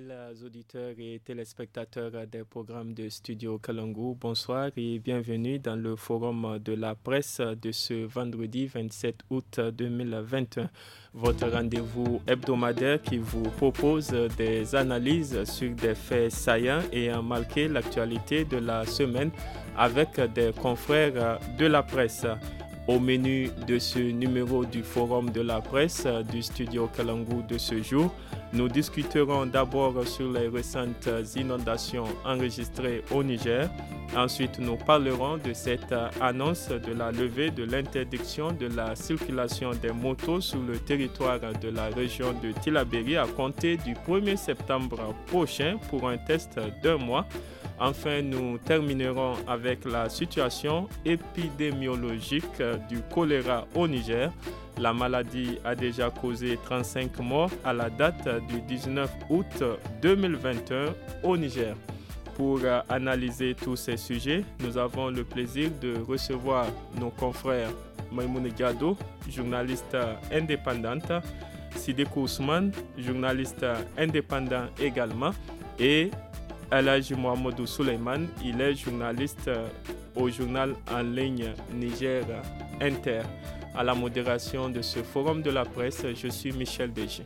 les euh, auditeurs et téléspectateurs euh, des programmes de Studio Kalangu. bonsoir et bienvenue dans le forum euh, de la presse de ce vendredi 27 août 2021. Votre rendez-vous hebdomadaire qui vous propose des analyses sur des faits saillants et a marqué l'actualité de la semaine avec des confrères de la presse. Au menu de ce numéro du forum de la presse du studio Kalangu de ce jour, nous discuterons d'abord sur les récentes inondations enregistrées au Niger. Ensuite, nous parlerons de cette annonce de la levée de l'interdiction de la circulation des motos sur le territoire de la région de Tilaberi à compter du 1er septembre prochain pour un test d'un mois. Enfin, nous terminerons avec la situation épidémiologique du choléra au Niger. La maladie a déjà causé 35 morts à la date du 19 août 2021 au Niger. Pour analyser tous ces sujets, nous avons le plaisir de recevoir nos confrères Maïmoune Gado, journaliste indépendante, Sidé Ousmane, journaliste indépendant également, et Alaj Mohamedou Souleyman, il est journaliste au journal en ligne Niger Inter à la modération de ce forum de la presse. Je suis Michel Béger.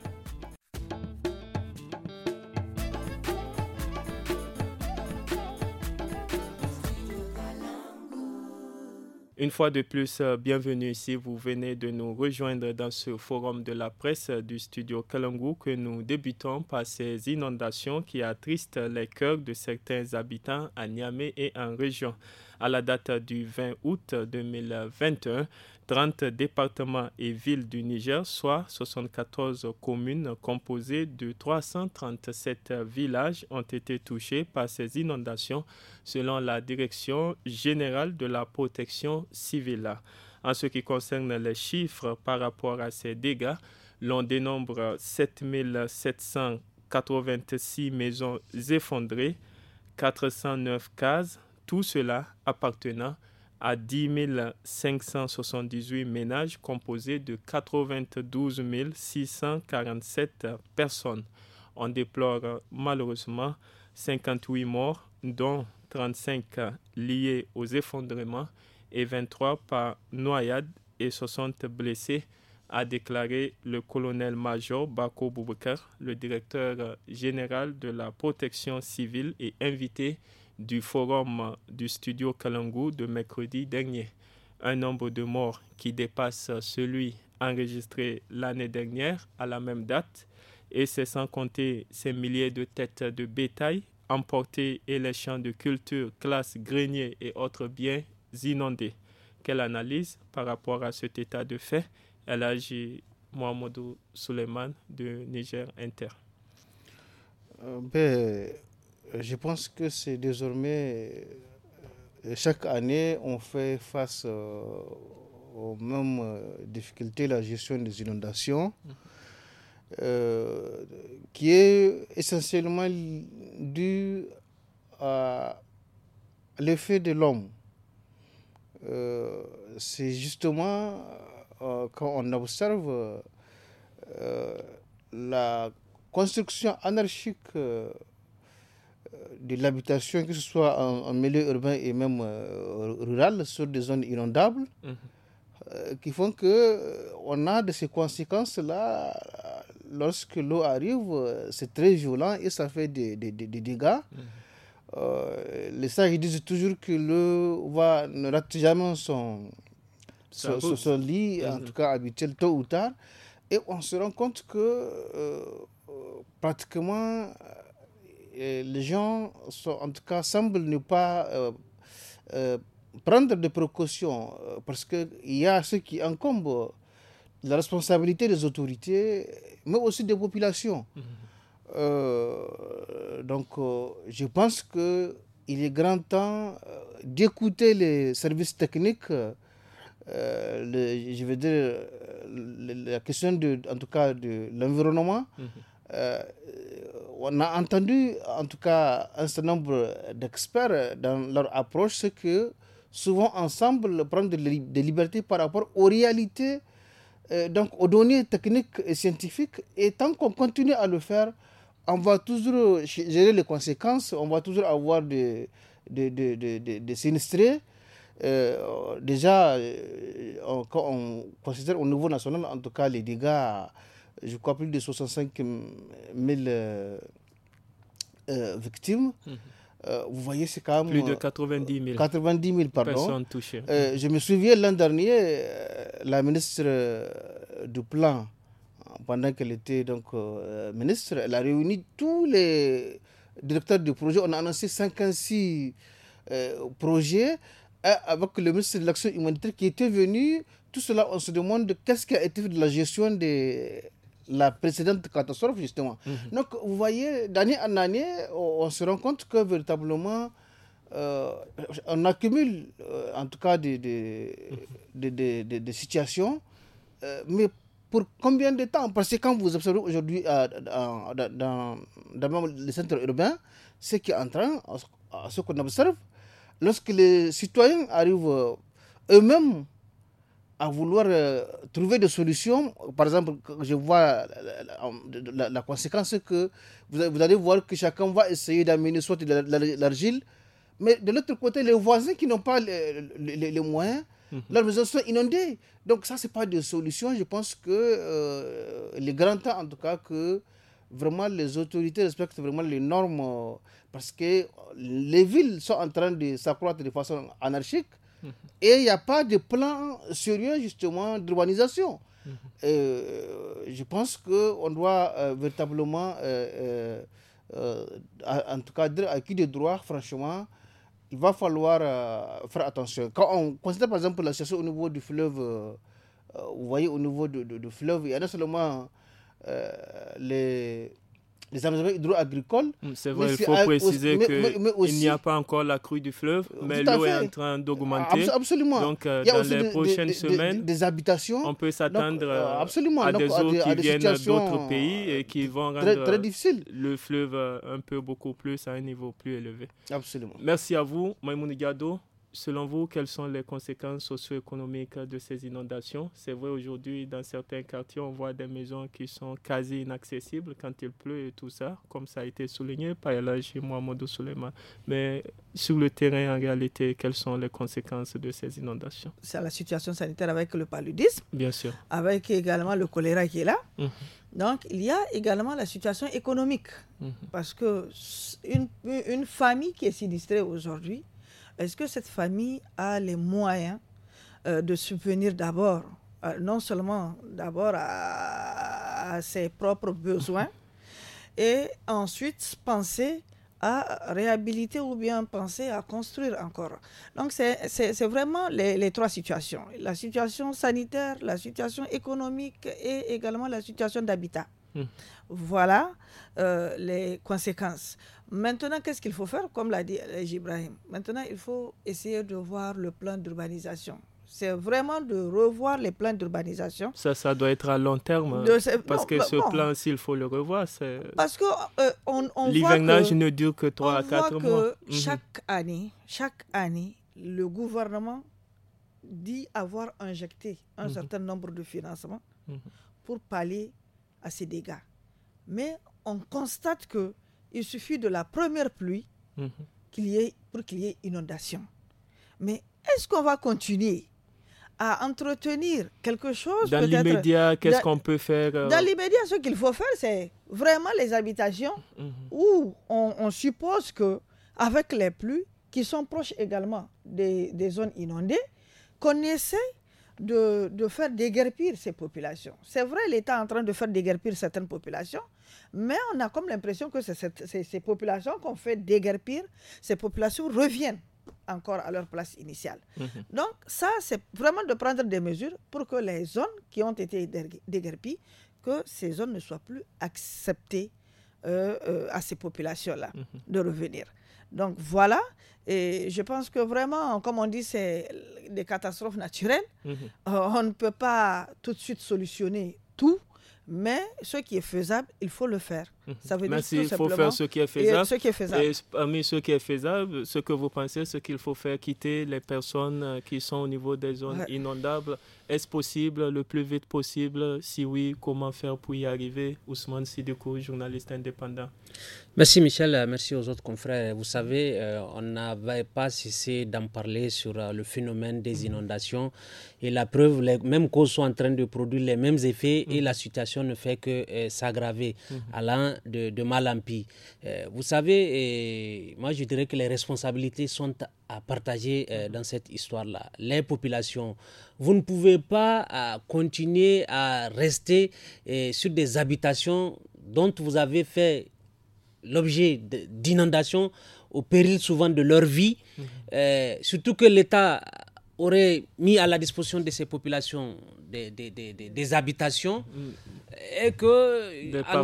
Une fois de plus, euh, bienvenue ici. vous venez de nous rejoindre dans ce forum de la presse du studio Kalangu que nous débutons par ces inondations qui attristent les cœurs de certains habitants à Niamey et en région. À la date du 20 août 2021, 30 départements et villes du Niger, soit 74 communes composées de 337 villages ont été touchés par ces inondations, selon la Direction générale de la protection civile. En ce qui concerne les chiffres par rapport à ces dégâts, l'on dénombre 7786 maisons effondrées, 409 cases, tout cela appartenant à à 10 578 ménages composés de 92 647 personnes. On déplore malheureusement 58 morts, dont 35 liés aux effondrements et 23 par noyade et 60 blessés, a déclaré le colonel-major Bako Boubekar, le directeur général de la protection civile et invité du forum du studio Kalangu de mercredi dernier. Un nombre de morts qui dépasse celui enregistré l'année dernière à la même date, et c'est sans compter ces milliers de têtes de bétail emportées et les champs de culture, classes, greniers et autres biens inondés. Quelle analyse par rapport à cet état de fait Elle agit Mohamedou Suleiman de Niger Inter. Euh, ben, euh, je pense que c'est désormais, euh, chaque année, on fait face euh, aux mêmes difficultés, la gestion des inondations, qui est essentiellement due à l'effet de l'homme. c'est justement quand on observe la construction anarchique euh, de l'habitation, que ce soit en, milieu urbain et même euh, rural, sur des zones inondables, mhm. euh, qui font que on a de ces conséquences-là lorsque l'eau arrive, c'est très violent et ça fait des, des, dégâts. Mhm. les sages disent toujours que l'eau ne rate jamais son, son, lit, en mhm. tout cas habituel, tôt ou tard. Et on se rend compte que pratiquement euh, les gens, sont, en tout cas, semblent ne pas euh, euh, prendre des précautions parce qu'il y a ce qui incombe la responsabilité des autorités, mais aussi des populations. Mhm. donc, je pense que il est grand temps d'écouter les services techniques, je veux dire, la question de, en tout cas de l'environnement. Mhm on a entendu en tout cas un certain nombre d'experts dans leur approche, c'est que souvent ensemble prendre des libertés par rapport aux réalités, euh, donc aux données techniques et scientifiques. Et tant qu'on continue à le faire, on va toujours gérer les conséquences, on va toujours avoir des, des, sinistrés. Euh, déjà, euh, on, on considère au niveau national, en tout cas, les dégâts je crois, plus de 65 000 euh, euh, victimes. Mhm. Euh, vous voyez, c'est quand même. Plus de 90 000. 90 pardon. personnes touchées. Je me souviens l'an dernier, la ministre du Plan, pendant qu'elle était donc, ministre, elle a réuni tous les directeurs du projet. On a annoncé 56 projets avec le ministre de l'Action humanitaire qui était venu. Tout cela, on se demande qu'est-ce qui a été fait de la gestion des la précédente catastrophe, justement. Mhm. Donc, vous voyez, d'année en année, on, se rend compte que véritablement, euh, on accumule, euh, en tout cas, des, des, mhm. situations, euh, mais pour combien de temps Parce que quand vous observez aujourd'hui dans, dans, dans, les centres urbains, ce qui est en train, ce qu'on observe, lorsque les citoyens arrivent eux-mêmes à vouloir euh, trouver des solutions. Par exemple, je vois la, conséquence que vous, allez voir que chacun va essayer d'amener soit de l'argile, mais de l'autre côté, les voisins qui n'ont pas les, moyens, mhm. leurs maisons sont inondées. Donc ça, ce n'est pas de solution. Je pense que euh, les grands temps, en tout cas, que vraiment les autorités respectent vraiment les normes euh, parce que les villes sont en train de s'accroître de façon anarchique Mhm. Et il n'y a pas de plan sérieux justement d'urbanisation. Mhm. Euh, je pense qu'on doit euh, véritablement, euh, en tout cas, dire à qui de droit, franchement, il va falloir faire attention. Quand on considère par exemple la situation au niveau du fleuve, vous voyez, au niveau du, fleuve, il y a a seulement les les aménagements hydro-agricoles. Mm, c'est vrai, il faut préciser préciser qu'il n'y a pas encore la crue du fleuve, mais l'eau est en train d'augmenter. Absolument. Donc, euh, dans les prochaines semaines, des, habitations. on peut s'attendre euh, euh, à des eaux qui viennent d'autres pays et qui vont rendre très, difficile. le fleuve un peu beaucoup plus à un niveau plus élevé. Absolument. Merci à vous, Maïmoun Gado. Selon vous, quelles sont les conséquences socio-économiques de ces inondations C'est vrai, aujourd'hui, dans certains quartiers, on voit des maisons qui sont quasi inaccessibles quand il pleut et tout ça, comme ça a été souligné par Elagi Mohamedou Mais sur le terrain, en réalité, quelles sont les conséquences de ces inondations C'est la situation sanitaire avec le paludisme. Bien sûr. Avec également le choléra qui est là. Mmh. Donc, il y a également la situation économique. Mmh. Parce que une, une famille qui est sinistrée aujourd'hui, est-ce que cette famille a les moyens euh, de subvenir d'abord, euh, non seulement d'abord à, ses propres besoins, et ensuite penser à réhabiliter ou bien penser à construire encore. Donc c'est vraiment les, trois situations. La situation sanitaire, la situation économique et également la situation d'habitat. Mmh. Voilà euh, les conséquences. Maintenant, qu'est-ce qu'il faut faire Comme l'a dit Ibrahim, maintenant, il faut essayer de voir le plan d'urbanisation. C'est vraiment de revoir les plans d'urbanisation. Ça, ça doit être à long terme. Hein, parce que bah, ce plan, s'il faut le revoir, c'est. Parce que euh, on, L'hivernage ne dure que 3 à 4 voit mois. Que mhm. chaque, année, chaque année, le gouvernement dit avoir injecté un mhm. certain nombre de financements mhm. pour pallier à ces dégâts. Mais on constate que il suffit de la première pluie mhm. pour qu'il y ait inondation. Mais est-ce qu'on va continuer à entretenir quelque chose Dans l'immédiat, qu'est-ce qu'on peut faire euh? Dans l'immédiat, ce qu'il faut faire, c'est vraiment les habitations mhm. où on, suppose que avec les pluies, qui sont proches également des, zones inondées, qu'on essaie de, de, faire déguerpir ces populations. C'est vrai, l'État est en train de faire déguerpir certaines populations, mais on a comme l'impression que ces, populations qu'on fait déguerpir, ces populations reviennent encore à leur place initiale. Mhm. Donc ça, c'est vraiment de prendre des mesures pour que les zones qui ont été déguerpies, que ces zones ne soient plus acceptées euh, euh, à ces populations-là mhm. de revenir. Donc voilà, et je pense que vraiment, comme on dit, c'est des catastrophes naturelles. Mhm. Euh, on ne peut pas tout de suite solutionner tout, mais ce qui est faisable, il faut le faire. Mhm. Ça veut dire il faut faire ce qui est faisable. Et ce qui est faisable. parmi ce qui est faisable, ce que vous pensez, ce qu'il faut faire, quitter les personnes euh, qui sont au niveau des zones inondables est-ce possible le plus vite possible Si oui, comment faire pour y arriver Ousmane Sidikou, journaliste indépendant. Merci Michel, merci aux autres confrères. Vous savez, euh, on n'avait pas cessé d'en parler sur euh, le phénomène des mm-hmm. inondations et la preuve, les mêmes causes sont en train de produire les mêmes effets et mm-hmm. la situation ne fait que euh, s'aggraver, mm-hmm. allant de, de, mal en pis. vous savez, moi je dirais que les responsabilités sont à partager dans cette histoire-là. Les populations, vous ne pouvez pas euh, continuer à rester euh, sur des habitations dont vous avez fait l'objet d'inondations au péril souvent de leur vie, mhm. euh, surtout que l'État aurait mis à la disposition de ces populations des, habitations mhm. et que, en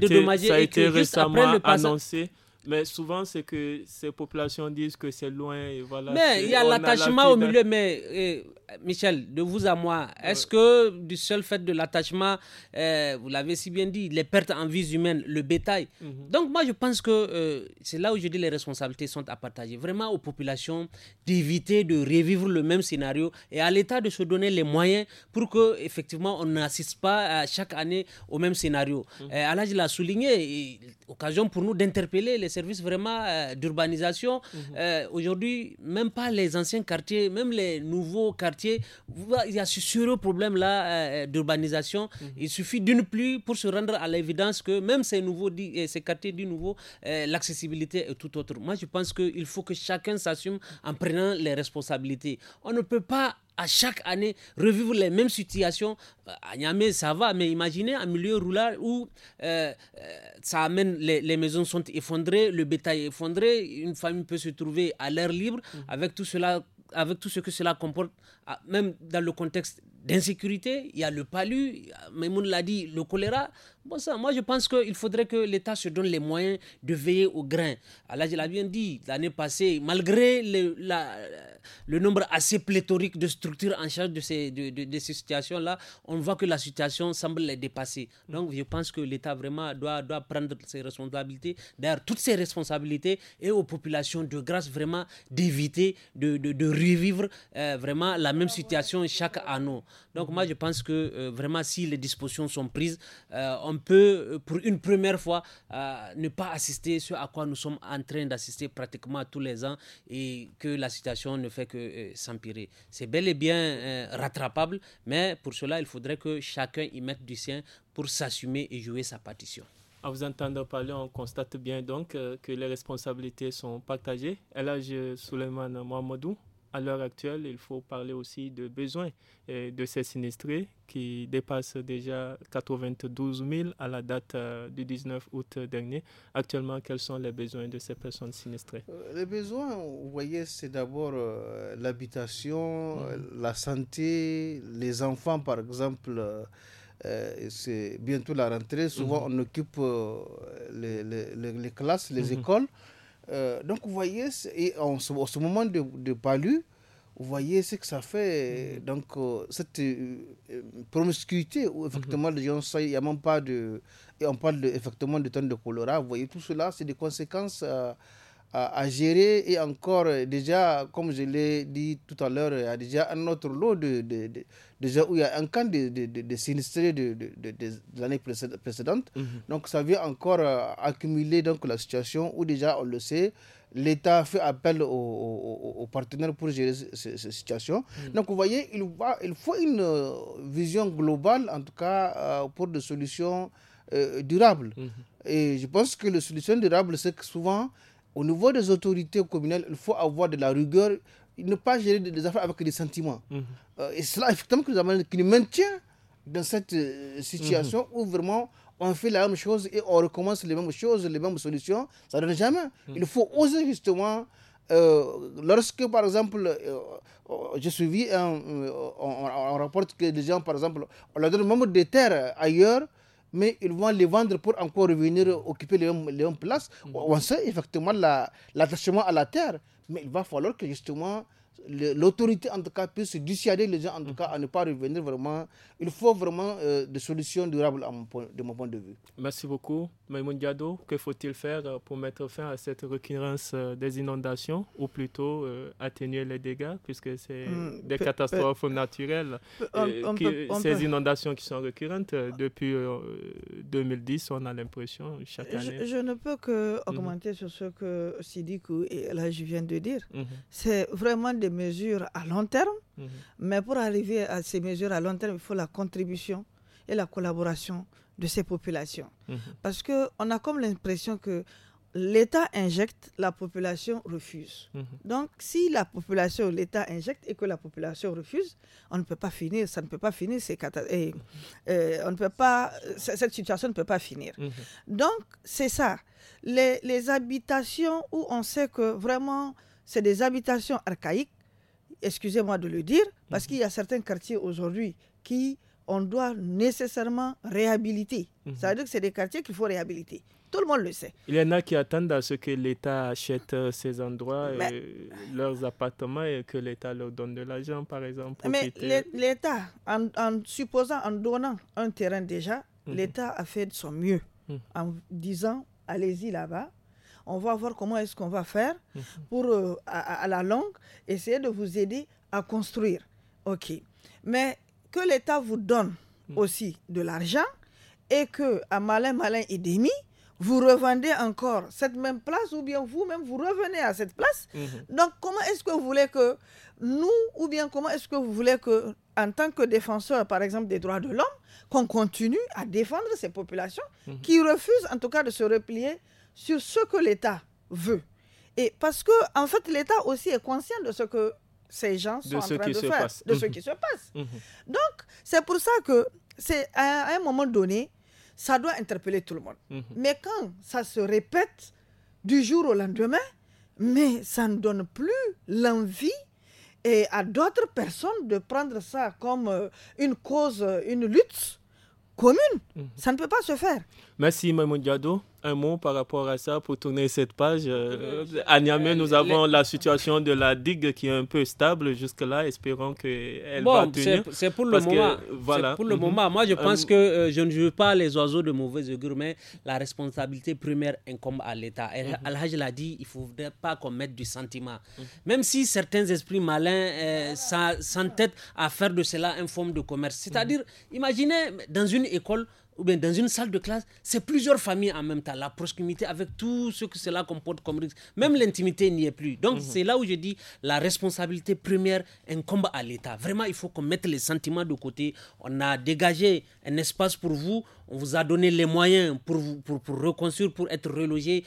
dédommagé. Ça qu'ils soient annoncé mais souvent, c'est que ces populations disent que c'est loin et voilà. Mais il y a l'attachement au milieu. Mais eh, Michel, de vous à moi, est-ce que du seul fait de l'attachement, eh, vous l'avez si bien dit, les pertes en vies humaines, le bétail. Mhm. Donc moi, je pense que euh, c'est là où je dis les responsabilités sont à partager. Vraiment aux populations d'éviter de revivre le même scénario et à l'État de se donner les moyens pour que effectivement on n'assiste pas à chaque année au même scénario. Mm je l'ai souligné, occasion pour nous d'interpeller les vraiment euh, d'urbanisation. Mhm. Euh, aujourd'hui, même pas les anciens quartiers, même les nouveaux quartiers, il y a ce sérieux problème-là euh, d'urbanisation. Mhm. Il suffit d'une pluie pour se rendre à l'évidence que même ces, nouveaux, ces quartiers du nouveau, l'accessibilité est tout autre. Moi, je pense qu'il faut que chacun s'assume en prenant les responsabilités. On ne peut pas à chaque année revivre les mêmes situations. Euh, à Niamey, ça va, mais imaginez un milieu rural où euh, euh, ça amène les, maisons sont effondrées, le bétail est effondré, une famille peut se trouver à l'air libre mm. avec tout cela avec tout ce que cela comporte, ah, même dans le contexte d'insécurité, il y a le palu, on l'a dit, le choléra. Bon, ça, moi, je pense qu'il faudrait que l'État se donne les moyens de veiller au grain. Alors, je l'ai bien dit l'année passée, malgré le, le, nombre assez pléthorique de structures en charge de ces, de, ces situations-là, on voit que la situation semble les dépasser. Donc, je pense que l'État vraiment doit, doit prendre ses responsabilités, d'ailleurs, toutes ses responsabilités, et aux populations de grâce vraiment d'éviter de, de, revivre euh, vraiment la même situation chaque année. Donc, moi, je pense que euh, vraiment, si les dispositions sont prises, euh, on peut, euh, pour une première fois, euh, ne pas assister ce à quoi nous sommes en train d'assister pratiquement tous les ans et que la situation ne fait que euh, s'empirer. C'est bel et bien rattrapable, mais pour cela, il faudrait que chacun y mette du sien pour s'assumer et jouer sa partition. À vous entendre parler, on constate bien donc que les responsabilités sont partagées. Et là, je Souleymane Mohamedou, à l'heure actuelle, il faut parler aussi de besoins euh, de ces sinistrés qui dépassent déjà 92 000 à la date euh, du 19 août dernier. Actuellement, quels sont les besoins de ces personnes sinistrées euh, Les besoins, vous voyez, c'est d'abord l'habitation, mmh. la santé, les enfants, par exemple. c'est bientôt la rentrée. Souvent, mmh. on occupe les, classes, les mmh. écoles. Euh, donc, vous voyez, et en ce, moment de, de palu, vous voyez ce que ça fait. Mhm. Donc, euh, cette euh, promiscuité où effectivement mhm. gens, il n'y a même pas de. Et on parle effectivement de tonnes de choléra. Vous voyez, tout cela, c'est des conséquences à, gérer et encore déjà, comme je l'ai dit tout à l'heure, il y a déjà un autre lot de, de, déjà où il y a un camp de, de sinistrés de, l'année précédente. Mhm. Donc ça vient encore euh, accumuler donc, la situation où déjà on le sait, l'État fait appel aux, partenaires pour gérer cette situations situation. Mhm. Donc, vous voyez, il, va, il faut une euh, vision globale, en tout cas, euh, pour des solutions durables. Mhm. Et je pense que les solutions durables, c'est que souvent, au niveau des autorités communales, il faut avoir de la rigueur, ne pas gérer des affaires avec des sentiments. Mhm. euh, et cela, effectivement, qui nous, maintient dans cette euh, situation mhm. où vraiment on fait la même chose et on recommence les mêmes choses, les mêmes solutions, ça ne donne jamais. Mhm. Il faut oser justement, euh, lorsque par exemple, je euh, j'ai suivi, un, on, rapporte que des gens, par exemple, on leur donne même des terres ailleurs mais ils vont les vendre pour encore revenir occuper les mêmes, places. Mm. On sait effectivement l'attachement à la terre, mais il va falloir que justement l'autorité en tout cas puisse dissuader les gens en tout cas à ne pas revenir vraiment. Il faut vraiment euh, des solutions durables mon de mon point de vue. Merci beaucoup. Maïmoun Diado, que faut-il faire euh, pour mettre fin à cette récurrence euh, des inondations ou plutôt atténuer les dégâts puisque c'est des catastrophes naturelles. ces inondations qui sont récurrentes depuis 2010, on a l'impression chaque année. Je, ne peux que mhm. augmenter sur ce que Sidikou et là je viens de dire. Mhm. C'est vraiment des mesures à long terme, mhm. mais pour arriver à ces mesures à long terme, il faut la contribution et la collaboration de ces populations. Mhm. parce Parce qu'on a comme l'impression que l'État injecte, la population refuse. Mhm. Donc, si la population, l'État injecte et que la population refuse, on ne peut pas finir, ça ne peut pas finir, ces et, euh, on ne peut pas, cette situation ne peut pas finir. Donc, c'est ça. les habitations où on sait que vraiment, c'est des habitations archaïques, excusez-moi de le dire, parce mhm. qu'il y a certains quartiers aujourd'hui qui on doit nécessairement réhabiliter. Mhm. Ça veut dire que c'est des quartiers qu'il faut réhabiliter. Tout le monde le sait. Il y en a qui attendent à ce que l'État achète euh, ces endroits, et euh, leurs appartements, et que l'État leur donne de l'argent, par exemple. Mais l'État, en, supposant, en donnant un terrain déjà, mhm. l'État a fait de son mieux en disant, allez-y là-bas, on va voir comment est-ce qu'on va faire mhm. pour, euh, à, la longue, essayer de vous aider à construire. OK. Mais que l'État vous donne mhm. aussi de l'argent et que, à malin, malin et demi, vous revendez encore cette même place ou bien vous-même, vous revenez à cette place. Mhm. Donc, comment est-ce que vous voulez que nous, ou bien comment est-ce que vous voulez que, en tant que défenseur, par exemple, des droits de l'homme, qu'on continue à défendre ces populations qui refusent en tout cas de se replier sur ce que l'État veut. Et parce que, en fait, l'État aussi est conscient de ce que ces gens sont en train de faire, de ce qui se passe. Mhm. Donc, c'est pour ça que, c'est un moment donné, ça doit interpeller tout le monde. Mhm. Mais quand ça se répète du jour au lendemain, mais ça ne donne plus l'envie et à d'autres personnes de prendre ça comme euh, une cause, euh, une lutte commune. Mhm. Ça ne peut pas se faire. Merci, Maimoun Diado. Un mot par rapport à ça pour tourner cette page. Euh, euh, à Niamey, nous euh, avons la situation de la digue qui est un peu stable jusque-là. Espérons qu'elle elle va tenir. C'est pour le moment. voilà. Pour le mhm. moment. Moi, je pense que je ne veux pas les oiseaux de mauvaise augure, mais la responsabilité première incombe à l'État. Mm Al-Hajj l'a dit, il ne faudrait pas commettre du sentiment. Mhm. Même si certains esprits malins s'entêtent à faire de cela une forme de commerce. C'est-à-dire, imaginez dans une école, ou bien dans une salle de classe, c'est plusieurs familles en même temps. La proximité avec tout ce que cela comporte comme risque, même l'intimité n'y est plus. Donc mhm. c'est là où je dis la responsabilité première incombe à l'État. Vraiment, il faut qu'on mette les sentiments de côté. On a dégagé un espace pour vous, on vous a donné les moyens pour, vous, pour, reconstruire, pour être relogé,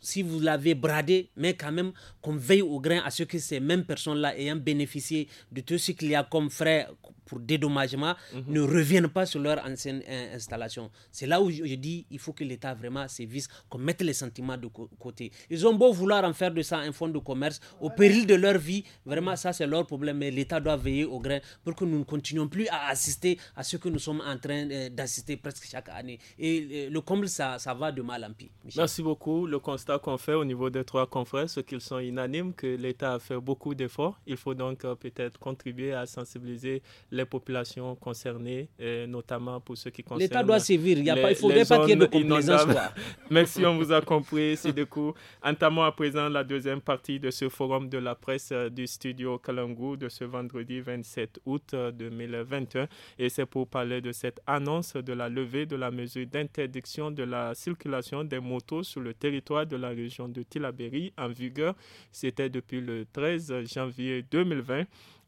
si vous l'avez bradé, mais quand même qu'on veille au grain à ce que ces mêmes personnes-là ayant bénéficié de tout ce qu'il y a comme frais pour dédommagement mhm. ne reviennent pas sur leur ancienne euh, installation. C'est là où je, dis il faut que l'État vraiment sévise, qu'on mette les sentiments de côté. Ils ont beau vouloir en faire de ça un fonds de commerce au péril de leur vie, vraiment ça c'est leur problème, mais l'État doit veiller au grain pour que nous ne continuions plus à assister à ce que nous sommes en train euh, d'assister presque chaque année. Et euh, le comble, ça, ça va de mal en pis. Merci beaucoup. Le constat qu'on fait au niveau des trois confrères, ce qu'ils sont unanimes, que l'État a fait beaucoup d'efforts. Il faut donc peut-être contribuer à sensibiliser les les populations concernées, euh, notamment pour ceux qui concerne. L'État doit sévir, il ne faudrait pas qu'il y ait de complaisance. Merci, on vous a compris, coup. Entamons à présent la deuxième partie de ce forum de la presse euh, du studio Kalangou de ce vendredi 27 août 2021. Euh, et c'est pour parler de cette annonce de la levée de la mesure d'interdiction de la circulation des motos sur le territoire de la région de Tilaberi en vigueur. C'était depuis le 13 janvier 2020.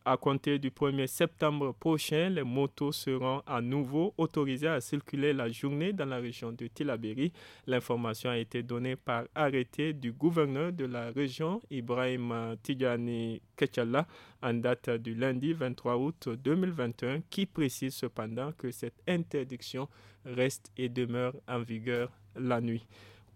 À compter du 1er septembre prochain, les motos seront à nouveau autorisées à circuler la journée dans la région de Tilaberi. L'information a été donnée par arrêté du gouverneur de la région, Ibrahim Tidjani Kechala, en date du lundi 23 août 2021, qui précise cependant que cette interdiction reste et demeure en vigueur la nuit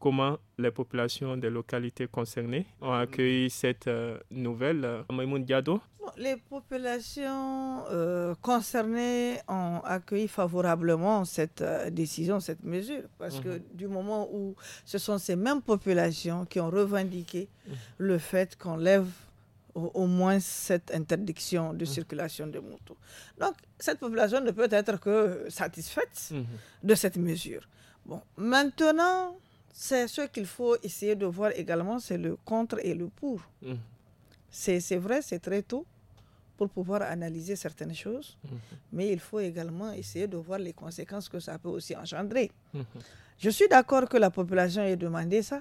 comment les populations des localités concernées ont mm. accueilli cette euh, nouvelle. Euh, les populations euh, concernées ont accueilli favorablement cette décision, cette mesure, parce que mm-hmm. du moment où ce sont ces mêmes populations qui ont revendiqué mm-hmm. le fait qu'on lève au, moins cette interdiction de mm-hmm. circulation de motos, Donc, cette population ne peut être que satisfaite de cette mesure. Bon, maintenant, c'est ce qu'il faut essayer de voir également, c'est le contre et le pour. Mmh. C'est vrai, c'est très tôt pour pouvoir analyser certaines choses, mmh. mais il faut également essayer de voir les conséquences que ça peut aussi engendrer. Mmh. Je suis d'accord que la population ait demandé ça,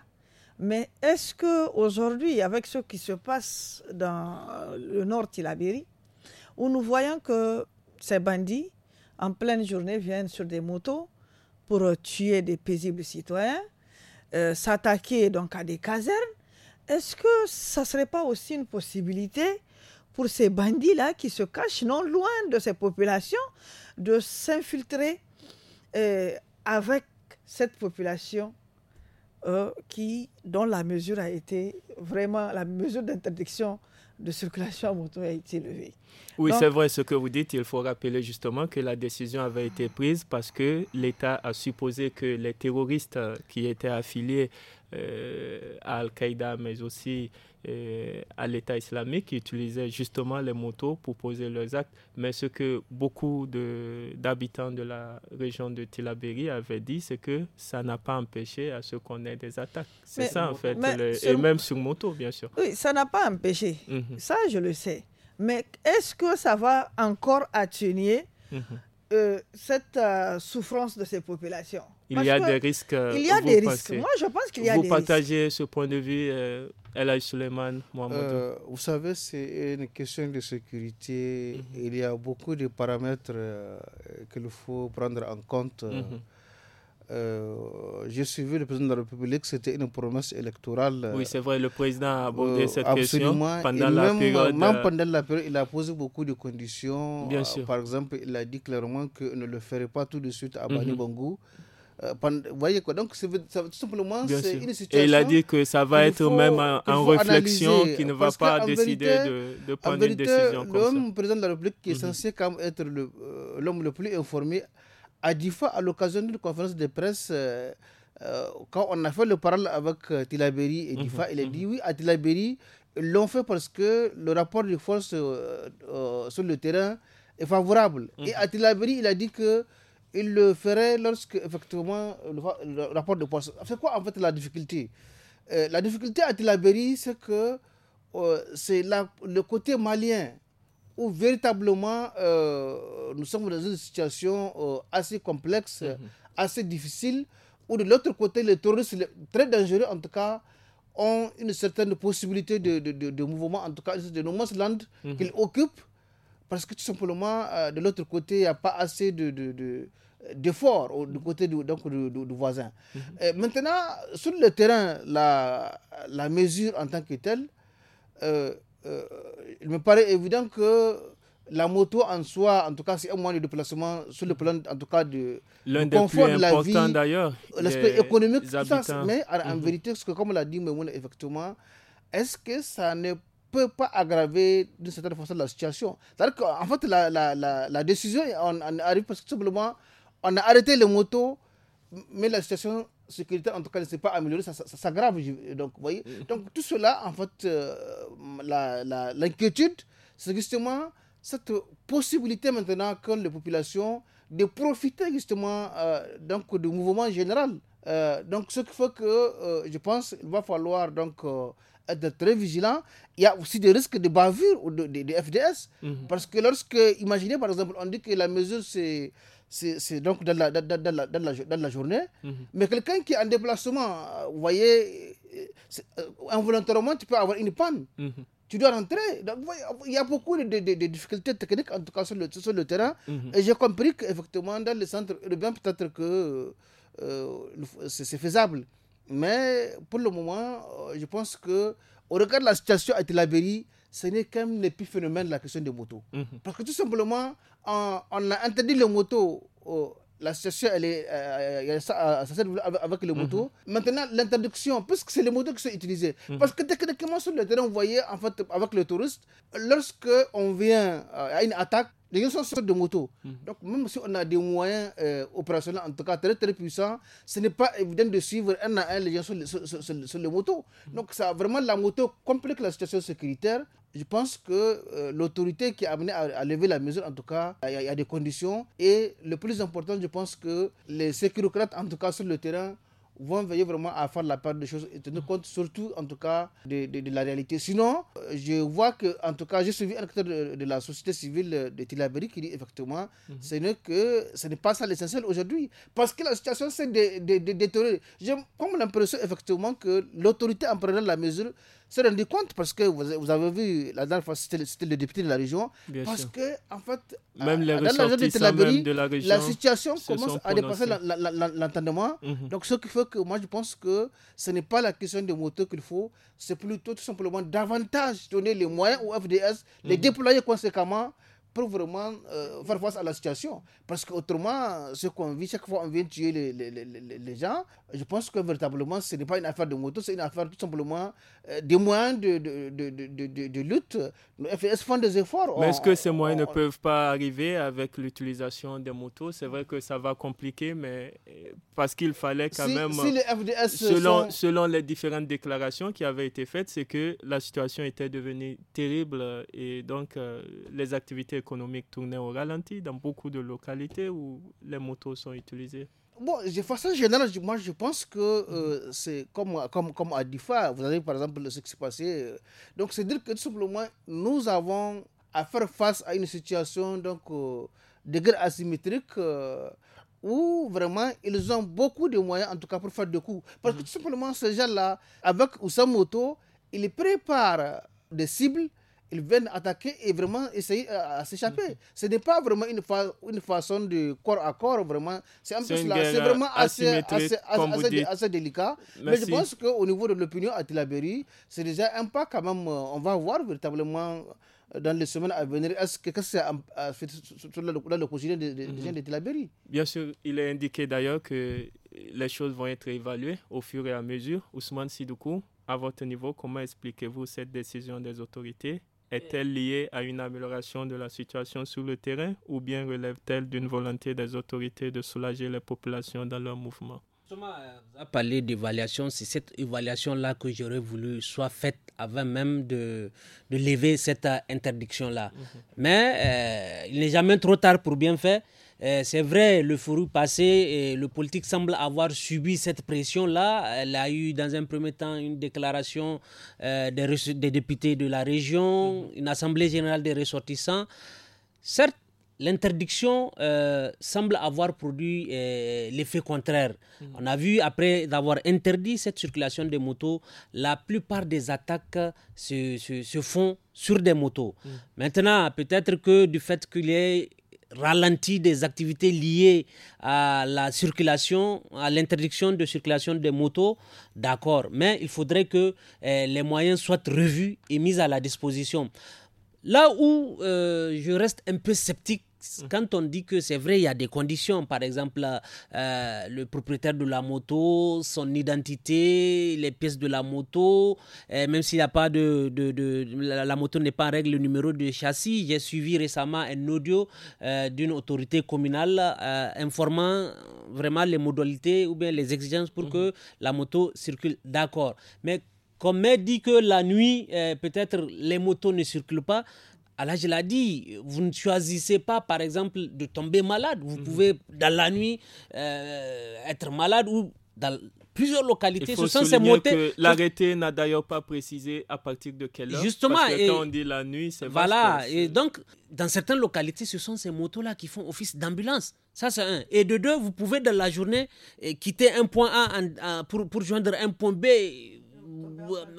mais est-ce que aujourd'hui, avec ce qui se passe dans le nord Tilabiri, où nous voyons que ces bandits, en pleine journée, viennent sur des motos pour tuer des paisibles citoyens, euh, s'attaquer donc à des casernes, est-ce que ça ne serait pas aussi une possibilité pour ces bandits-là qui se cachent non loin de ces populations de s'infiltrer euh, avec cette population euh, qui, dont la mesure a été vraiment, la mesure d'interdiction de circulation à moto a été levée. Oui, c'est vrai ce que vous dites. Il faut rappeler justement que la décision avait été prise parce que l'État a supposé que les terroristes qui étaient affiliés euh, à Al-Qaïda, mais aussi euh, à l'État islamique qui utilisait justement les motos pour poser leurs actes. Mais ce que beaucoup d'habitants de, la région de Tilaberi avaient dit, c'est que ça n'a pas empêché à ce qu'on ait des attaques. C'est ça en fait. et même sur moto, bien sûr. Oui, ça n'a pas empêché. Mhm. Ça, je le sais. Mais est-ce que ça va encore atténuer mhm. euh, cette euh, souffrance de ces populations Il y a des risques. Il y a des risques. Moi, je pense qu'il y a des risques. Vous partagez ce point de vue El Suleiman euh, Vous savez, c'est une question de sécurité. Mhm. Il y a beaucoup de paramètres euh, qu'il faut prendre en compte. Mhm. Euh, j'ai suivi le président de la République, c'était une promesse électorale. Oui, c'est vrai, le président a abordé euh, cette question pendant la période. Même pendant la période, il a posé beaucoup de conditions. Bien sûr. Par exemple, il a dit clairement qu'il ne le ferait pas tout de suite à mhm. Bani euh, vous voyez quoi Donc, tout simplement c'est une situation. Et il a dit que ça va être même en, réflexion, qu'il ne va pas décider vérité, de, de, prendre une décision comme ça. L'homme président de la République, qui est mhm. censé être euh, l'homme le, plus informé, a dit fois à l'occasion d'une conférence de presse. Euh, quand on a fait le parallèle avec Tilaberi et Difa, mhm. il a dit mhm. oui, à Tilaberi, ils l'ont fait parce que le rapport de force sur le terrain est favorable. Et à Tilaberi, il a dit que il le ferait lorsque, effectivement, le, rapport de poisson. C'est quoi, en fait, la difficulté euh, La difficulté à Tilaberi, c'est que euh, c'est le côté malien où véritablement euh, nous sommes dans une situation euh, assez complexe, mm-hmm. assez difficile, où de l'autre côté, les touristes très dangereux en tout cas, ont une certaine possibilité de, de, de, mouvement, en tout cas, de no man's land mm-hmm. qu'ils occupent parce que tout simplement, euh, de l'autre côté, il n'y a pas assez de, de d'efforts du côté du, donc, du, voisin. Mhm. Euh, maintenant, sur le terrain, la, la mesure en tant que telle, euh, il me paraît évident que la moto en soi, en tout cas, c'est un moyen de déplacement sur le plan, en tout cas, de confort de la vie, d'ailleurs, l'aspect économique, tout ça, mais en, mhm. vérité, que, comme l'a dit Mémoun, effectivement, est-ce que ça n'est peut pas aggraver d'une certaine façon la situation. C'est-à-dire qu'en fait, la, décision, on, arrive parce que simplement, on a arrêté les motos, mais la situation sécuritaire, en tout cas, ne s'est pas améliorée, ça, s'aggrave. Donc, vous voyez. Mm-hmm. Donc, tout cela, en fait, euh, l'inquiétude, c'est justement cette possibilité maintenant que les populations de profiter justement euh, donc, du mouvement général. Euh, donc, ce qui fait que euh, je pense il va falloir donc euh, être très vigilant. Il y a aussi des risques de bavure ou de, FDS. Mhm. Parce que lorsque, imaginez par exemple, on dit que la mesure c'est. C'est donc dans la, la, la, journée. Mhm. Mais quelqu'un qui est en déplacement, vous voyez, involontairement, tu peux avoir une panne. Mhm. tu dois rentrer. Donc, il y a beaucoup de, difficultés techniques, en tout cas sur le, sur le terrain. Et j'ai compris qu'effectivement, dans les centres bien peut-être que euh, c'est faisable. Mais pour le moment, euh, je pense que au regard de la situation à Tilaberi, ce n'est qu'un épiphénomène de la question des motos. Mhm. Parce que tout simplement, on, a interdit les motos. Euh, la situation, elle est euh, ça avec les motos. Mhm. Maintenant, l'interdiction, puisque c'est les motos qui sont utilisées. Mhm. Parce que techniquement, sur le terrain, vous voyez, en fait, avec les touristes, lorsque on vient à une attaque, les gens sont sur des motos. Hmm. Donc, même si eh, eh, on a des moyens opérationnels, en tout cas très très puissants, ce n'est pas évident de eh, suivre un à un les gens sur, les, sur, les motos. Hmm. Donc, ça vraiment la moto complique la situation sécuritaire. Je pense que l'autorité qui a amené à, lever la mesure, en tout cas, il y, y, a des conditions. Et le plus important, je pense que les sécurocrates, en tout cas sur le terrain, vont veiller vraiment à faire la part des choses et tenir compte surtout en tout cas de, de, la réalité. Sinon, euh, je vois que, en tout cas, j'ai suivi un acteur de, la société civile euh, de Tilaberi qui dit effectivement, mhm. que ce n'est pas ça l'essentiel aujourd'hui. Parce que la situation s'est détériorée. J'ai comme l'impression effectivement que l'autorité en prenant la mesure c'est rendu compte parce que vous, avez vu, la dernière fois, c'était le député de la région. parce que, en fait, la situation commence à dépasser l'entendement. Mhm. Donc, ce qui fait que moi, je pense que ce n'est pas la question des moteurs qu'il faut, c'est plutôt tout simplement davantage donner les moyens au FDS, les mhm. déployer conséquemment pour vraiment euh, faire face à la situation. Parce qu'autrement, ce qu'on vit, chaque fois on vient tuer les, gens, je pense que véritablement, ce n'est pas une affaire de moto, c'est une affaire tout simplement euh, des moyens de, de, de, de lutte. Les font des efforts. Mais est-ce que ces moyens ne peuvent pas arriver avec l'utilisation des motos C'est vrai que ça va compliquer, mais euh, parce qu'il fallait quand même... selon, selon les différentes déclarations qui avaient été faites, c'est que la situation était devenue terrible et donc les activités économique tournait au ralenti dans beaucoup de localités où les motos sont utilisées Bon, de façon générale, moi je pense que euh, c'est comme, comme, comme à Difa, vous avez par exemple ce qui s'est passé. Euh, donc c'est dire que tout simplement, nous avons à faire face à une situation donc, euh, de guerre asymétrique où vraiment ils ont beaucoup de moyens en tout cas pour faire des coups. Parce que mm-hmm. tout simplement, ces gens-là, avec ou sans moto, ils préparent des cibles ils viennent attaquer et vraiment essayer euh, à, s'échapper. Mm-hmm. Ce n'est pas vraiment une, une façon de corps à corps, vraiment. C'est un peu cela. C'est vraiment assez, assez, assez, délicat. Mais je pense qu'au niveau de l'opinion à Tilaberi, c'est déjà un pas quand même. Euh, on va voir véritablement euh, dans les semaines à venir. Est-ce que c'est -ce dans le quotidien des, mm-hmm. gens de Tilaberi Bien sûr, il est indiqué d'ailleurs que les choses vont être évaluées au fur et à mesure. Ousmane Sidoukou, à votre niveau, comment expliquez-vous cette décision des autorités est-elle liée à une amélioration de la situation sur le terrain ou bien relève-t-elle d'une volonté des autorités de soulager les populations dans leur mouvement vous euh, avez parlé d'évaluation. C'est cette évaluation-là que j'aurais voulu soit faite avant même de, de lever cette interdiction-là. Mhm. Mais euh, il n'est jamais trop tard pour bien faire. Euh, c'est vrai, le forum passé, et le politique semble avoir subi cette pression-là. Elle a eu dans un premier temps une déclaration euh, des, députés de la région, mhm. une assemblée générale des ressortissants. Certes, L'interdiction euh, semble avoir produit l'effet contraire. Mhm. On a vu, après d'avoir interdit cette circulation des motos, la plupart des attaques se, font sur des motos. Mhm. Maintenant, peut-être que du fait qu'il y ait ralenti des activités liées à la circulation, à l'interdiction de circulation des motos, d'accord. Mais il faudrait que eh, les moyens soient revus et mis à la disposition. Là où euh, je reste un peu sceptique, quand on dit que c'est vrai, il y a des conditions, par exemple, euh, le propriétaire de la moto, son identité, les pièces de la moto, euh, même s'il n'y a pas de. de, de la, moto n'est pas en règle, le numéro de châssis. J'ai suivi récemment un audio euh, d'une autorité communale informant vraiment les modalités ou bien les exigences pour que la moto circule. D'accord. Mais comme elle dit que la nuit, peut-être les motos ne circulent pas. Allah je l'a dit, vous ne choisissez pas, par exemple, de tomber malade. Vous mhm. pouvez, dans la nuit, euh, être malade ou dans plusieurs localités. Il faut souligner que l'arrêté n'a d'ailleurs pas précisé à partir de quelle heure. Justement, et on dit la nuit, c'est voilà. et donc, dans certaines localités, ce sont ces motos-là qui font office d'ambulance. Ça, c'est un. Et de deux, vous pouvez dans la journée eh, quitter un point A pour, pour joindre un point B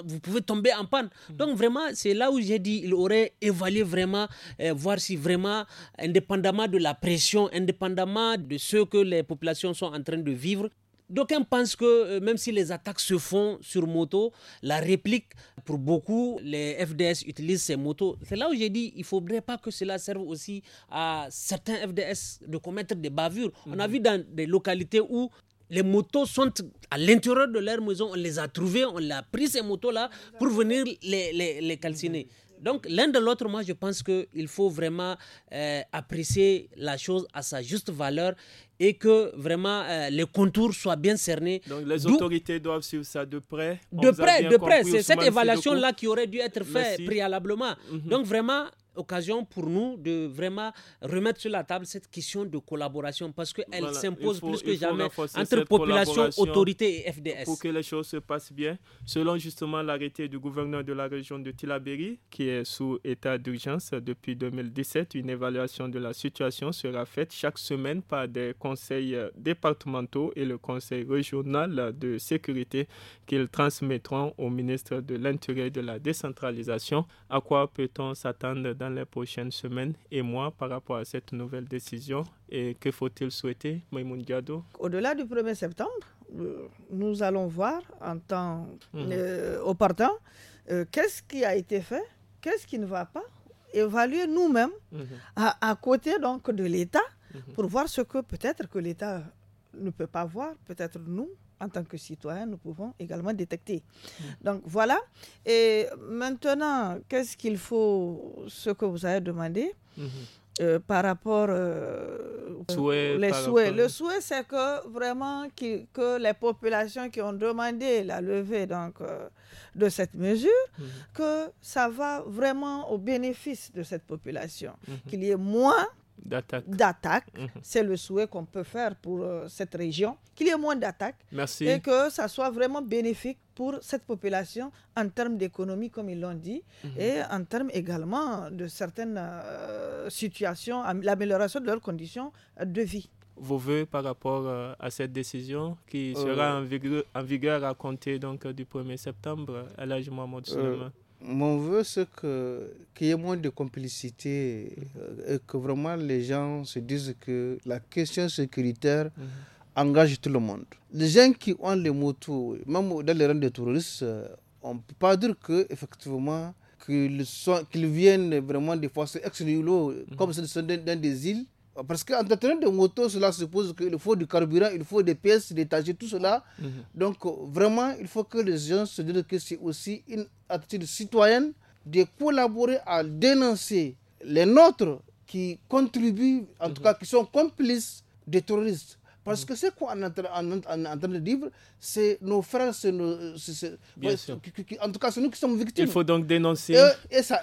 vous pouvez tomber en panne. Hmm. Donc vraiment, c'est là où j'ai dit, il aurait évalué vraiment, euh, voir si vraiment, indépendamment de la pression, indépendamment de ce que les populations sont en train de vivre, D'aucuns pensent que euh, même si les attaques se font sur moto, la réplique, pour beaucoup, les FDS utilisent ces motos. C'est là où j'ai dit, il ne faudrait pas que cela serve aussi à certains FDS de commettre des bavures. On a hmm. vu dans des localités où les motos sont à l'intérieur de leur maison. On les a trouvés, on a pris ces motos-là pour venir les, les, les calciner. Donc l'un de l'autre, moi je pense qu'il faut vraiment euh, apprécier la chose à sa juste valeur et que vraiment euh, les contours soient bien cernés. Donc les autorités doivent suivre ça de près. de près, de près. C'est cette évaluation-là qui aurait dû être faite préalablement. Mhm. Donc vraiment, occasion pour nous de vraiment remettre sur la table cette question de collaboration parce qu'elle s'impose plus que jamais entre population, autorité et FDS. Pour que les choses se passent bien, selon justement l'arrêté du gouverneur de la région de Tilaberi, qui est sous état d'urgence depuis 2017, une évaluation de la situation sera faite chaque semaine par des conseils départementaux et le conseil régional de sécurité qu'ils transmettront au ministre de l'Intérieur de la décentralisation. À quoi peut-on s'attendre dans dans les prochaines semaines et mois par rapport à cette nouvelle décision et que faut-il souhaiter, Maïmoun Diado Au-delà du 1er septembre, euh, nous allons voir en temps au mhm. euh, opportun euh, qu'est-ce qui a été fait, qu'est-ce qui ne va pas, évaluer nous-mêmes mhm. à, côté donc de l'État mhm. pour voir ce que peut-être que l'État ne peut pas voir, peut-être nous, en tant que citoyen, nous pouvons également détecter. Mm. Donc voilà. Et maintenant, qu'est-ce qu'il faut, ce que vous avez demandé mm-hmm. euh, par rapport aux souhait, souhaits. Le souhait, c'est que vraiment que les populations qui ont demandé la levée donc, euh, de cette mesure, mm-hmm. que ça va vraiment au bénéfice de cette population, mm-hmm. qu'il y ait moins d'attaque. Mhm. C'est le souhait qu'on peut faire pour euh, cette région, qu'il y ait moins d'attaques et que ça soit vraiment bénéfique pour cette population en termes d'économie, comme ils l'ont dit, mhm. et en termes également de certaines euh, situations, l'amélioration de leurs conditions de vie vos voeux par rapport euh, à cette décision qui sera en, vigueur, à compter donc, du 1er septembre à l'âge Mohamed Suleiman mon vœu, c'est qu'il y ait moins de complicité euh, et que vraiment les gens se disent que la question sécuritaire mhm. engage tout le monde. Les gens qui ont les motos, même dans les rangs des touristes, euh, on ne peut pas dire que effectivement qu'ils viennent vraiment des forces ex mhm. comme ce sont dans des îles parce qu'en train de moto, cela suppose qu'il faut du carburant, il faut des pièces, des tâches, tout cela. Mhm. Donc, vraiment, il faut que les gens se disent que c'est aussi une attitude citoyenne de collaborer à dénoncer les nôtres qui contribuent, en mhm. tout cas qui sont complices des terroristes. Parce mm-hmm. que c'est quoi en, en, train de vivre C'est nos frères, c'est en tout cas, c'est nous qui sommes victimes. Il faut donc dénoncer. Euh, et, ça,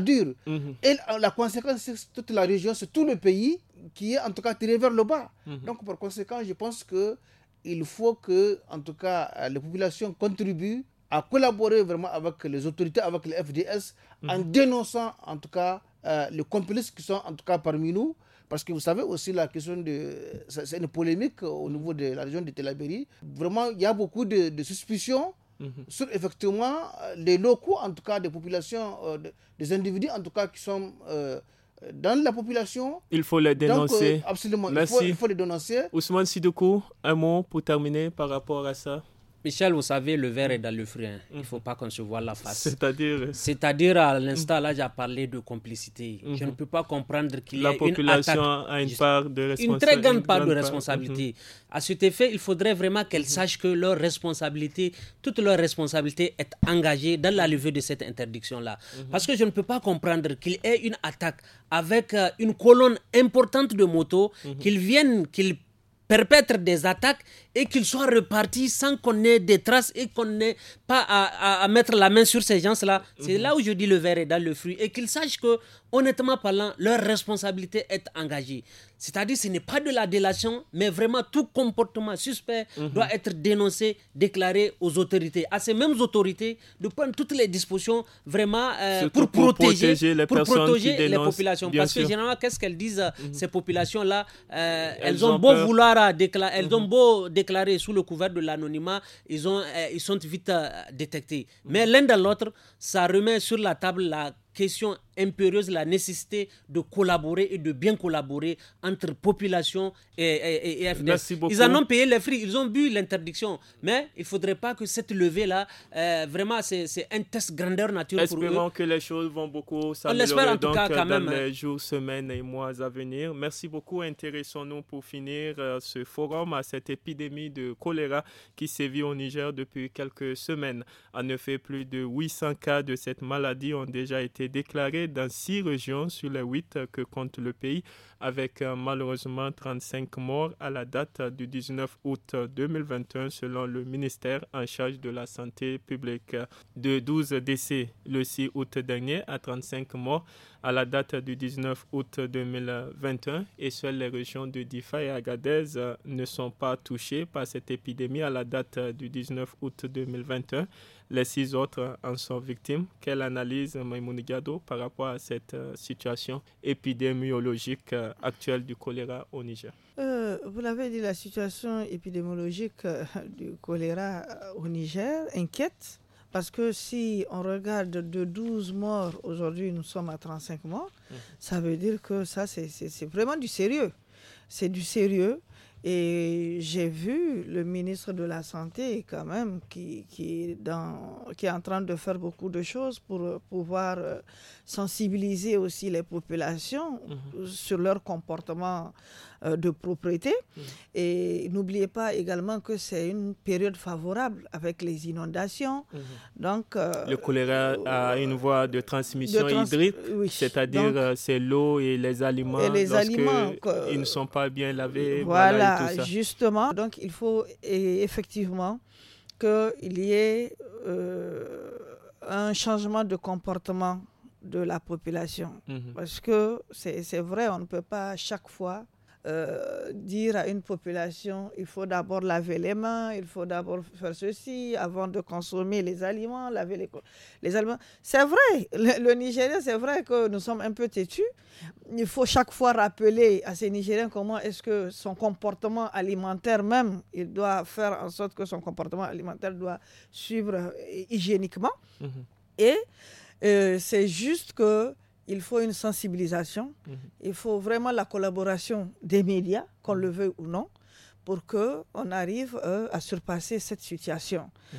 dure. Mm-hmm. Et la, conséquence, c'est toute la région, c'est tout le pays qui est en tout cas tiré vers le bas. Mm-hmm. Donc, par conséquent, je pense que il faut que, en tout cas, euh, les populations contribuent à collaborer vraiment avec les autorités, avec les FDS, en dénonçant, en tout cas, euh, les complices qui sont, en tout cas, parmi nous, parce que vous savez aussi la question de. C'est une polémique au niveau de la région de Telabéry. Vraiment, il y a beaucoup de, de suspicions mhm. sur effectivement euh, les locaux, en tout cas des populations, euh, des individus en tout cas qui sont. Euh, dans la population. Il faut les dénoncer. absolument, Il, faut, les dénoncer. Ousmane Sidoukou, un mot pour terminer par rapport à ça. Michel, vous savez, le verre est mm. dans le frein. Il ne mm. faut pas concevoir la face. C'est-à-dire euh, C'est-à-dire, à, l'instant, mm. là, j'ai parlé de complicité. Je ne mm-hmm. peux pas comprendre qu'il y ait une attaque. La population a une part de responsabilité. Une très grande, part de responsabilité. Mm-hmm. À cet effet, il faudrait vraiment qu'elles mm-hmm. sache sachent que leur responsabilité, toute leur responsabilité est engagée dans la levée de cette interdiction-là. Parce que je ne peux pas comprendre qu'il y ait une attaque avec euh, une colonne importante de motos, qu'ils viennent, qu'ils perpètrent des attaques et qu'ils soient repartis sans qu'on ait des traces et qu'on n'ait pas à, à, mettre la main sur ces gens-là. C'est mhm. là où je dis le verre et dans le fruit et qu'ils sachent que, honnêtement parlant, leur responsabilité est engagée. C'est-à-dire ce n'est pas de la délation, mais vraiment tout comportement suspect mhm. doit être dénoncé, déclaré aux autorités, à ces mêmes autorités, de prendre toutes les dispositions vraiment euh, pour, protéger, les, les populations. Parce que généralement, qu'est-ce qu'elles disent, mhm. ces populations-là euh, elles, ont, beau vouloir, à euh, elles ont beau déclarer sous le couvert de l'anonymat, ils, ont, euh, ils sont vite euh, détectés. Mais l'un de l'autre, ça remet sur la table la question impérieuse la nécessité de collaborer et de bien collaborer entre population et, et, Ils en ont payé les frais, ils ont bu l'interdiction. Mais il ne faudrait pas que cette levée-là, euh, vraiment, c'est un test grandeur nature Espérons pour eux. que les choses vont beaucoup s'améliorer dans même, hein. les jours, semaines et mois à venir. Merci beaucoup. Intéressons-nous pour finir euh, ce forum à cette épidémie de choléra qui sévit au Niger depuis quelques semaines. En effet, plus de 800 cas de cette maladie ont déjà été déclaré dans six régions sur les huit que compte le pays, avec euh, malheureusement 35 morts à la date du 19 août 2021 selon le ministère en charge de la santé publique. De 12 décès le 6 août dernier à 35 morts à la date du 19 août 2021 et seules les régions de Difa et Agadez euh, ne sont pas touchées par cette épidémie à la date du 19 août 2021. Les six autres en sont victimes. Quelle analyse, Maïmoun Gado, par rapport à cette euh, situation épidémiologique euh, actuelle du choléra au Niger euh, Vous l'avez dit, la situation épidémiologique euh, du choléra au Niger inquiète parce que si on regarde de 12 morts, aujourd'hui nous sommes à 35 morts, mhm. ça veut dire que ça c'est vraiment du sérieux. C'est du sérieux. Et j'ai vu le ministre de la Santé quand même qui, qui, est en train de faire beaucoup de choses pour euh, pouvoir euh, sensibiliser aussi les populations mhm. sur leur comportement euh, de propriété. Et n'oubliez pas également que c'est une période favorable avec les inondations. Mhm. Donc, euh, le choléra euh, a une voie de transmission hydrique, c'est-à-dire c'est l'eau et les aliments. Et les aliments ils ne sont pas bien lavés. Voilà, justement. Donc, il faut effectivement qu'il y ait un changement de comportement de la population. Mhm. Parce que c'est vrai, on ne peut pas chaque fois euh, dire à une population, il faut d'abord laver les mains, il faut d'abord faire ceci avant de consommer les aliments, laver les, les aliments. C'est vrai, le, le Nigérien, c'est vrai que nous sommes un peu têtus. Il faut chaque fois rappeler à ces Nigériens comment est-ce que son comportement alimentaire même, il doit faire en sorte que son comportement alimentaire doit suivre euh, hygiéniquement. Mm-hmm. Et euh, c'est juste que il faut une sensibilisation, mhm. il faut vraiment la collaboration des médias, qu'on le veuille ou non, pour qu'on arrive euh, à surpasser cette situation. Mhm.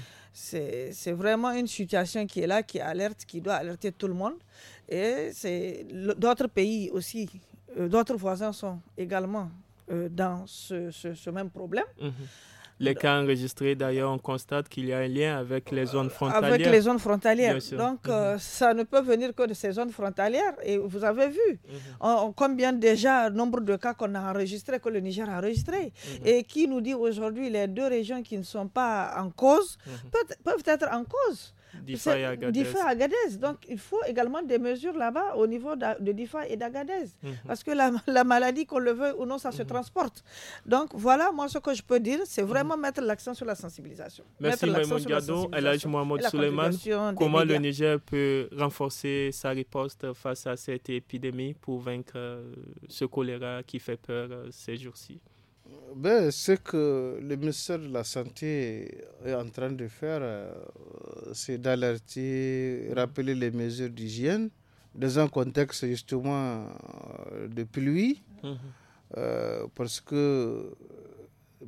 C'est vraiment une situation qui est là, qui alerte, qui doit alerter tout le monde. Et d'autres pays aussi, euh, d'autres voisins sont également euh, dans ce, même problème. Mhm. Les cas enregistrés, d'ailleurs, on constate qu'il y a un lien avec les zones euh, frontalières. Avec les zones frontalières. Donc, euh, mhm. ça ne peut venir que de ces zones frontalières. Et vous avez vu mhm. combien déjà, nombre de cas qu'on a enregistrés, que le Niger a enregistrés, mhm. et qui nous dit aujourd'hui les deux régions qui ne sont pas en cause peuvent être en cause. DIFA et Agadez. Donc, il faut également des mesures là-bas au niveau de DIFA et d'Agadez. Mhm. Parce que la, maladie, qu'on le veuille ou non, ça se mhm. transporte. Donc, voilà, moi, ce que je peux dire, c'est vraiment mettre l'accent sur la sensibilisation. Merci, Maïmoun Gado. Elhaj Mohamed Souleiman, comment le Niger peut renforcer sa riposte face à cette épidémie pour vaincre euh, ce choléra qui fait peur euh, ces jours-ci ben, ce que le ministère de la Santé est en train de faire, euh, c'est d'alerter, rappeler les mesures d'hygiène dans un contexte justement euh, de pluie, mhm. euh, parce que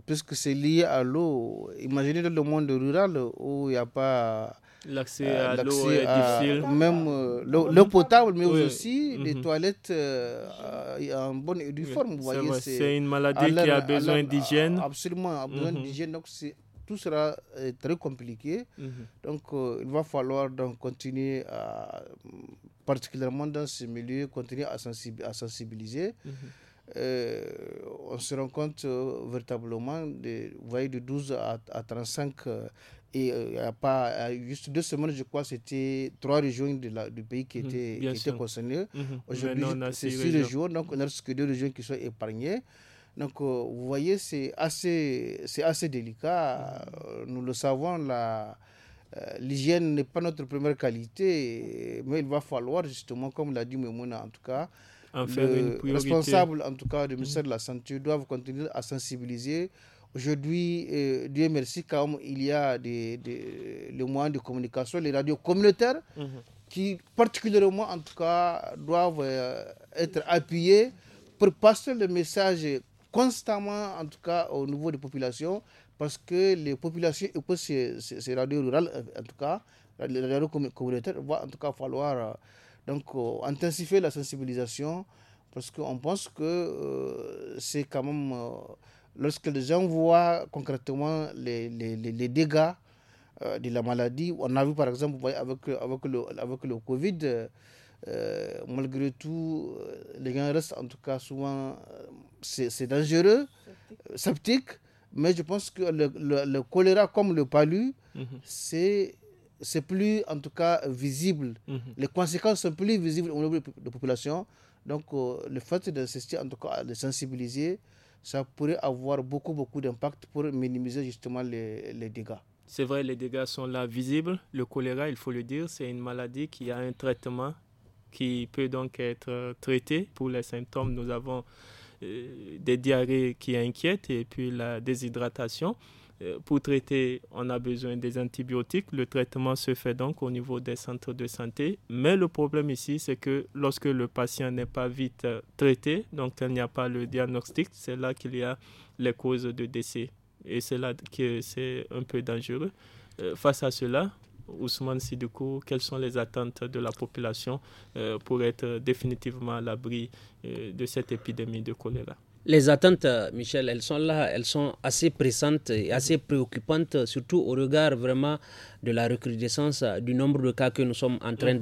puisque c'est lié à l'eau, imaginez le monde rural où il n'y a pas L'accès euh, à l'eau est difficile. Même euh, l'eau potable, mais aussi mhm. les toilettes euh, en bonne et due forme. C'est une maladie qui a besoin d'hygiène. Absolument, a besoin mhm. d'hygiène. Donc tout sera très compliqué. Mhm. Donc il va falloir donc, continuer à, particulièrement dans ce milieu, continuer à, sensibiliser. on se rend compte véritablement de, vous voyez, de 12 à, 35 et a euh, pas, juste deux semaines, je crois, c'était trois régions de du pays qui mhm, étaient, concernées. Mhm. Aujourd'hui, c'est six régions. donc on a que deux régions qui sont épargnées. Donc, euh, vous voyez, c'est assez, c'est assez délicat. Mhm. Nous le savons, la, euh, l'hygiène n'est pas notre première qualité, mais il va falloir justement, comme l'a dit Memouna en tout cas, les faire responsable en tout cas du ministère de la Santé doivent continuer à sensibiliser Aujourd'hui, euh, Dieu merci, quand il y a des, des, les moyens de communication, les radios communautaires, mhm. qui particulièrement, en tout cas, doivent euh, être appuyés pour passer le message constamment, en tout cas, au niveau des populations, parce que les populations et ces, ces, radios rurales, en tout cas, les radios communautaires, va en tout cas falloir euh, donc intensifier la sensibilisation, parce qu'on pense que c'est quand même lorsque les gens voient concrètement les, les, les dégâts euh, de la maladie, on a vu par exemple avec, avec, le, avec le Covid, euh, malgré tout, euh, les gens restent en tout cas souvent, c'est dangereux, sceptique, mais je pense que le, le, choléra comme le palu, mhm. c'est c'est plus en tout cas visible. Mhm. Les conséquences sont plus visibles au niveau de la population. Donc le fait d'insister en tout cas à les sensibiliser, ça pourrait avoir beaucoup, beaucoup d'impact pour minimiser justement les, les dégâts. C'est vrai, les dégâts sont là visibles. Le choléra, il faut le dire, c'est une maladie qui a un traitement qui peut donc être traité. Pour les symptômes, nous avons euh, des diarrhées qui inquiètent et puis la déshydratation. Euh, pour traiter, on a besoin des antibiotiques. Le traitement se fait donc au niveau des centres de santé. Mais le problème ici, c'est que lorsque le patient n'est pas vite euh, traité, donc il n'y a pas le diagnostic, c'est là qu'il y a les causes de décès. Et c'est là que c'est un peu dangereux. Euh, face à cela, Ousmane Sidoukou, quelles sont les attentes de la population pour être définitivement à l'abri de cette épidémie de choléra les attentes, euh, Michel, elles sont là, elles sont assez pressantes et assez préoccupantes, surtout au regard vraiment de la recrudescence euh, du nombre de cas que nous sommes en train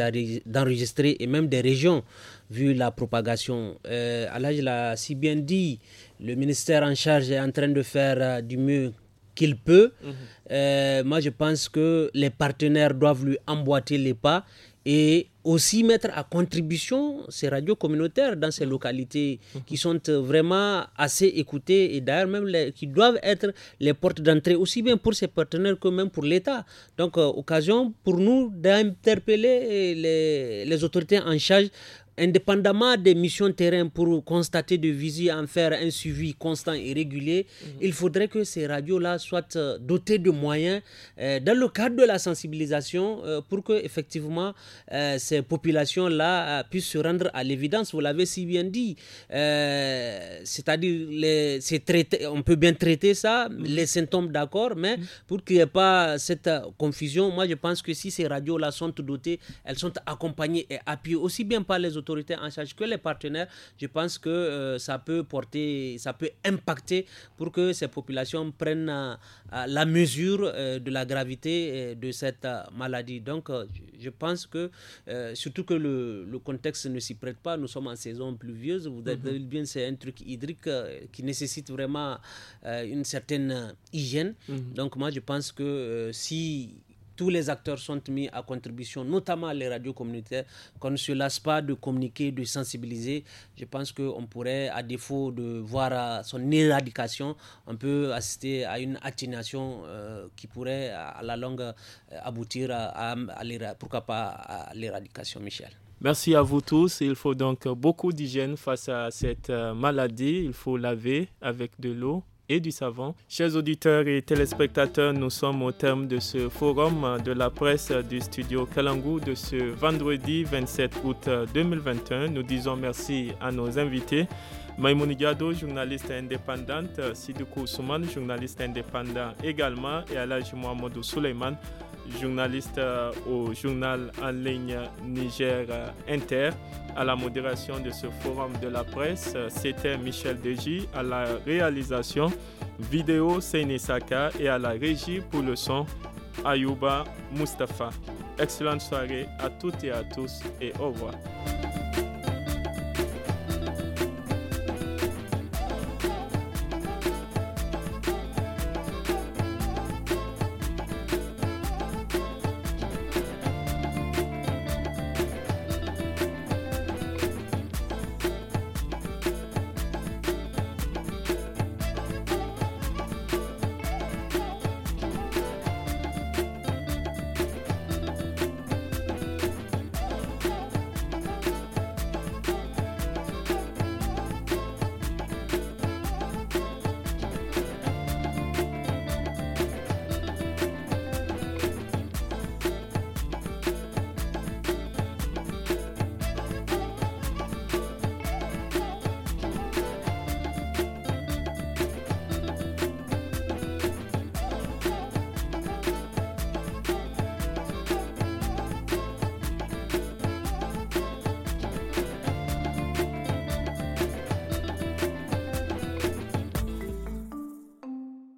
d'enregistrer et même des régions, vu la propagation. Euh, je l'ai si bien dit, le ministère en charge est en train de faire euh, du mieux qu'il peut. Mhm. moi, je pense que les partenaires doivent lui emboîter les pas et aussi mettre à contribution ces radios communautaires dans ces localités qui mhm. sont euh, vraiment assez écoutées et d'ailleurs même qui doivent être les portes d'entrée aussi bien pour ces partenaires que même pour l'État. Donc euh, occasion pour nous d'interpeller les, les, autorités en charge indépendamment des missions terrain pour constater de visu, en faire un suivi constant et régulier, mhm. il faudrait que ces radios-là soient euh, dotées de moyens euh, dans le cadre de la sensibilisation euh, pour que effectivement ces populations-là puissent se rendre à l'évidence. Vous l'avez si bien dit. C'est-à-dire, on peut bien traiter ça, mhm. les symptômes d'accord, mais mhm. pour qu'il n'y ait pas cette confusion, moi je pense que si ces radios-là sont dotées, elles sont accompagnées et appuyées aussi bien par les autorités en charge que les partenaires, je pense que euh, ça peut porter, ça peut impacter pour que ces populations prennent euh, la mesure euh, de la gravité de cette maladie. Donc, je pense que, surtout que le, contexte ne s'y prête pas, nous sommes en saison pluvieuse, vous êtes mm-hmm. bien, c'est un truc hydrique qui nécessite vraiment une certaine hygiène. Mm-hmm. Donc, moi, je pense que si tous les acteurs sont mis à contribution, notamment les radios communautaires, qu'on ne se lasse pas de communiquer, de sensibiliser. Je pense qu'on pourrait, à défaut de voir euh, son éradication, on peut assister à une atténuation euh, qui pourrait, à la longue, euh, aboutir à, à l'éradication, Michel. Merci à vous tous. Il faut donc beaucoup d'hygiène face à cette maladie. Il faut laver avec de l'eau, et du savant. Chers auditeurs et téléspectateurs, nous sommes au terme de ce forum de la presse du studio Kalangu de ce vendredi 27 août 2021. Nous disons merci à nos invités. Maïmouni Gado, journaliste indépendante, Sidoukou Souman, journaliste indépendant également, et Alaj Mohamedou Souleyman journaliste euh, au journal en ligne Niger euh, Inter, à la modération de ce forum de la presse. Euh, c'était Michel Deji à la réalisation vidéo Senesaka. et à la régie pour le son Ayuba Mustafa. Excellente soirée à toutes et à tous et au revoir.